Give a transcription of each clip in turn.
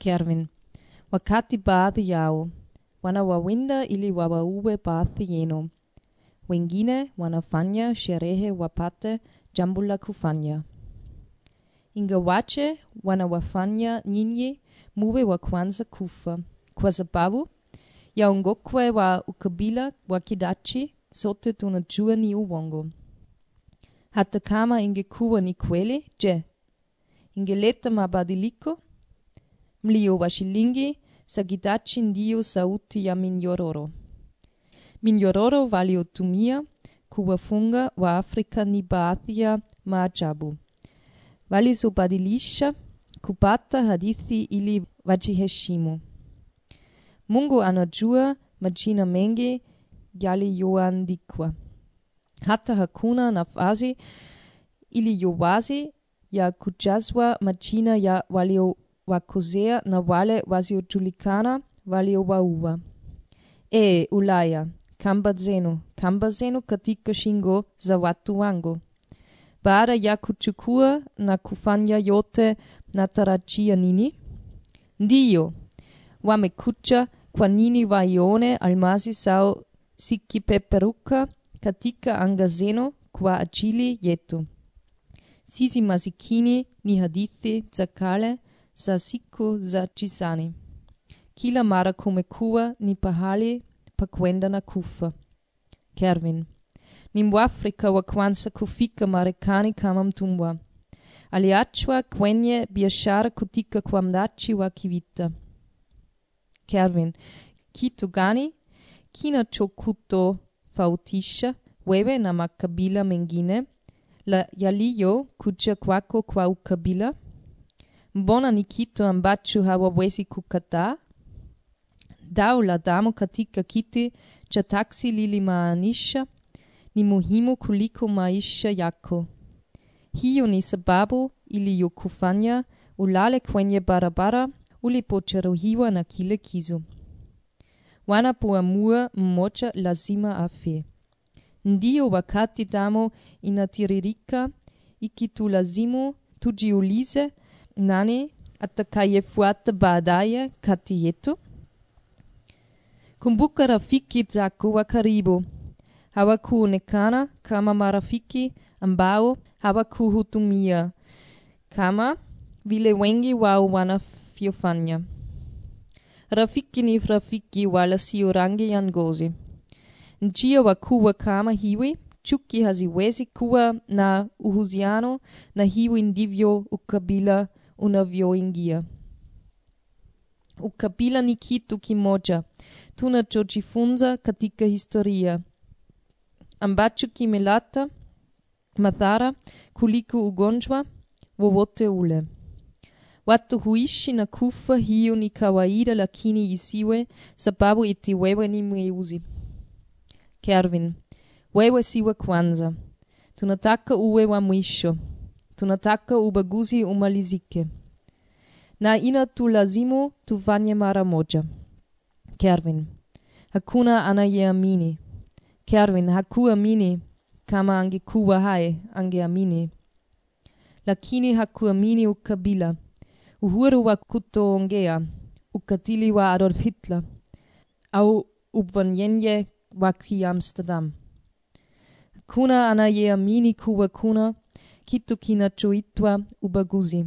Kerwin. Wakati baadhi yao wanawawinda ili wawaue baadhi yenu. Wengine wanafanya sherehe wapate jambo la kufanya. Ingawache wanawafanya nyinyi muwe wa kwanza kufa, kwa sababu yaongokwe wa ukabila wa kidachi sote tunajua ni uwongo Hata kama ingekuwa ni kweli, je, ingeleta mabadiliko? wa shilingi sagitachi ndio sauti ya minyororo minyororo waliotumia kuwafunga waafrika ni baadhi ya maajabu walizobadilisha kupata hadithi ili wajiheshimu mungu anajua majina mengi yaliyoandikwa hata hakuna nafasi iliyo wazi ya kujazwa majina ya walio wakosea na wale wasiojulikana waliowaua. e Ulaya, kamba zenu, kamba zenu katika shingo za watu wangu. Baada ya kuchukua na kufanya yote natarajia nini? Ndiyo, wamekucha kwa nini waione almasi sao sikipeperuka katika anga zenu kwa ajili yetu. Sisi masikini ni hadithi za kale za siku za chisani. Kila mara kumekuwa ni pahali pa kwenda na kufa. Kerwin. Ni Mwafrika wa kwanza kufika Marekani kama mtumwa. Aliachwa kwenye biashara kutika kwa mdachi wa kivita. Kerwin. Kitu gani kinachokutofautisha wewe na makabila mengine la yaliyo kuja kwako kwa ukabila? bona Nikito ambachu hawa wesi kukata. Daula damo katika kiti cha taksi maanisha ni muhimu kuliko maisha yako. Hiyo ni sababu yokufanya ulale kwenye barabara ulipojeruhiwa na kile kizo. Wanapoamua mmoja lazima afe. Ndiyo wakati damo inatiririka ikitulazimu tujiulize nani atakayefuata baadaye kati yetu? Kumbuka rafiki zako wa karibu hawakuonekana kama marafiki ambao hawakuhudumia kama vile wengi wao wanavyofanya. Rafiki ni rafiki wala sio rangi ya ngozi. Njia wa kuwa kama hiwi, chuki haziwezi kuwa na uhusiano na hiwi ndivyo ukabila unavyoingia. Ukabila ni kitu kimoja tunachojifunza katika historia ambacho kimelata madhara kuliko ugonjwa wowote ule. Watu huishi na kufa, hiyo ni kawaida, lakini isiwe sababu iti wewe ni mweuzi Kervin, wewe siwe kwanza, tunataka uwe wa mwisho tunataka ubaguzi umalizike na inatulazimu tufanye mara moja kervin hakuna anayeamini Kerwin hakuamini kama angekuwa hai angeamini lakini hakuamini ukabila uhuru wa kutoongea ukatili wa Adolf Hitler au ubwanyenye wa kiamsterdam hakuna anayeamini kuwa kuna kitu kinachoitwa ubaguzi.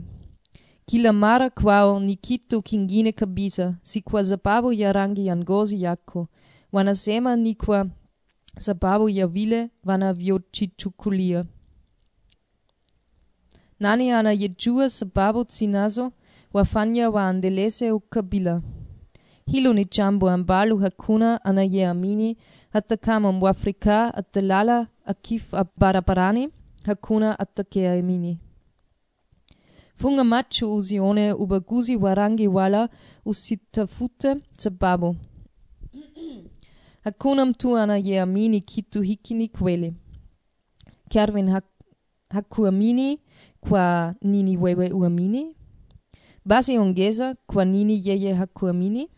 Kila mara kwao ni kitu kingine kabisa, si kwa sababu ya rangi ya ngozi yako. Wanasema ni kwa sababu ya vile wanavyojichukulia. Nani anayejua sababu zinazo wafanya waendeleze ukabila? Hilo ni jambo ambalo hakuna anayeamini, hata kama Mwafrika atalala akifa barabarani Hakuna atakea Emini. Funga Machu uzione uba Guzi warangi wala usitafute sababu. Hakuna mtu anayeamini kitu hikini kweli. Kerwin hak, hakuamini kwa nini wewe uamini? Basi ongeza kwa nini yeye hakuamini?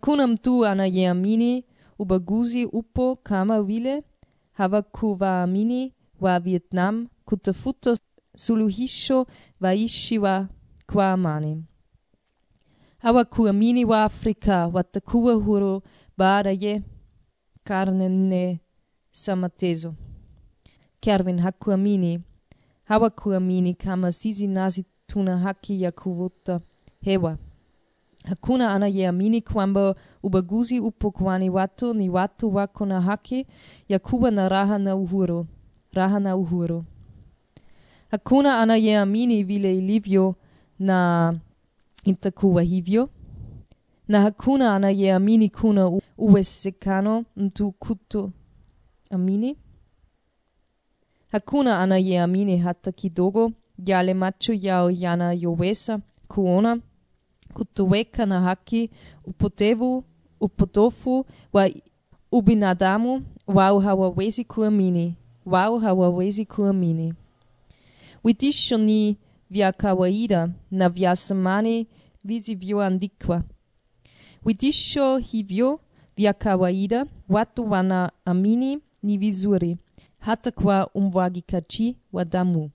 tuana mtu anayeamini ubaguzi upo kama vile Hawakuwaamini wa Vietnam kutafuto suluhisho waishi wa kwa amani. Hawakuamini wa watakuwa huru baada ye karne samatezo. Kervin mateso. Kerwin hakuamini hawakuamini kama sisi nasi tuna haki ya kuvuta hewa Hakuna amini kwamba ubaguzi upo kwani watu ni watu wako na haki ya kuwa na raha na uhuru. Raha na uhuru. Hakuna amini vile ilivyo na itakuwa hivyo, na hakuna amini kuna uwezekano mtu amini Hakuna amini hata kidogo yale macho yao yowesa kuona kutuweka na haki, upotevu, upotofu wa ubinadamu wao hawawezi kuamini, wao hawawezi kuamini. witisho ni vya kawaida na vya samani visivyoandikwa. witisho hivyo vya kawaida watu amini ni vizuri, hata kwa umwagikaji wa damu.